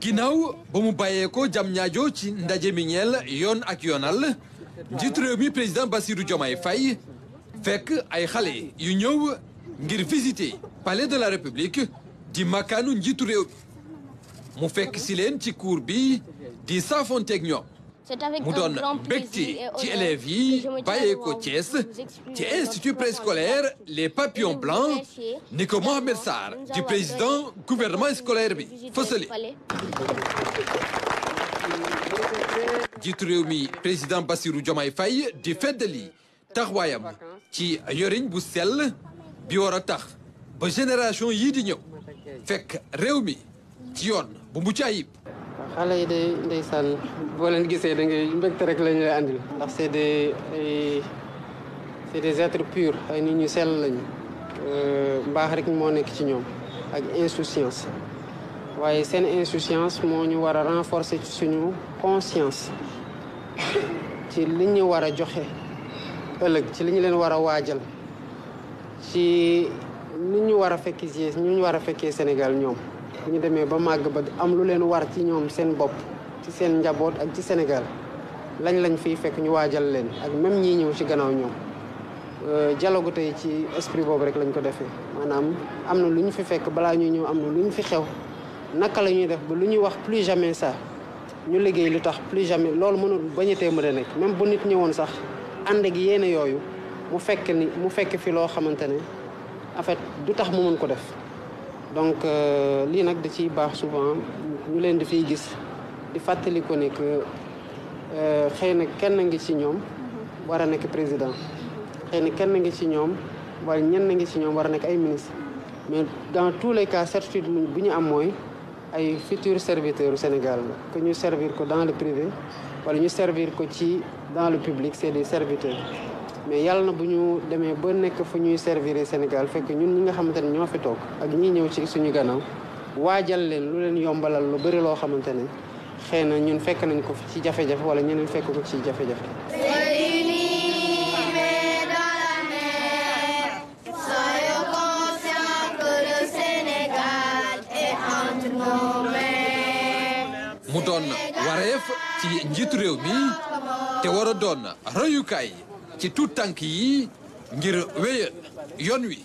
ginnaaw ba mu bàyyee ko jam ñaajo ci ndaje mi yoon ak yoonal njiitu réew mi président Bassirou Diomaye Faye fekk ay xale yu ñëw ngir visiter palais de la république di makkaanu njiitu réew bi mu fekk ci leen ci cour bi di saafonteeg ñoom mu doon mbégte ci élèves yi ko Thiès ci institut préscolaire les papillons blancs ni ko Mohamed Sarr di président gouvernement scolaire bi fësale jiitu réew mi président Bassirou Diomaye Faye di feddali taxawaayam ci yoriñ bu sel bi war a tax ba génération yii di ñëw fekk réew mi ci yoon bu mucc ayib xale yi de ndeysaan boo leen gisee da ngay mbégte rek la ñu lay andil ndax c'est des ay c'est des êtres purs ay nit ñu sell lañu euh, mbaax moo nekk ci ñoom ak insouciance waaye seen insouciance moo ñu war a renforcer suñu conscience ci li ñu war a joxe ëllëg ci li ñu leen war a waajal ci ni ñu war a fekki ñu war a fekkee Sénégal ñoom bu ñu demee ba màgg ba am lu leen war ci ñoom seen bopp ci seen njaboot ak ci Sénégal lañ lañ fiy fekk ñu waajal leen ak même ñii ñëw ci gannaaw ñoom euh, dialogue tey ci esprit boobu rek lañ ko defee maanaam am na lu ñu fi fekk balaa ñuy ñëw am na lu ñu fi xew naka la ñuy def ba lu ñuy wax plus jamais ça ñu liggéey lu tax plus jamais loolu mënul bañ a téeméer nekk même bu nit ñëwoon sax ànd ak yéene yooyu mu fekk ni mu fekk fi loo xamante ne en fait du tax mu ko def donc euh, lii nag da ciy baax souvent ñu leen di dafay gis di fàttali ko ne que euh, xëy na kenn ngi ci ñoom war a nekk président xëy kenn ngi ci ñoom wala ñenn ngi ci ñoom war a nekk ay ministre mais dans tous les cas certitude bu ñu am mooy ay futurs serviteur u Sénégal la ñu servir ko dans le privé wala ñu servir ko ci dans le public c'est des serviteurs mais yàlla na bu ñu demee ba nekk fu ñuy servir Sénégal fekk ñun ñi nga xamante ne ñoo fi toog ak ñi ñëw ci suñu gannaaw waajal leen lu leen yombalal lu bëri loo xamante ne xëy na ñun fekk nañ ko ci jafe-jafe wala ñeneen fekk ko ci jafe-jafe. mu doon wareef ci njiitu réew mi te war a doon royukaay ci tuut tànk yi ngir wéya yoon wi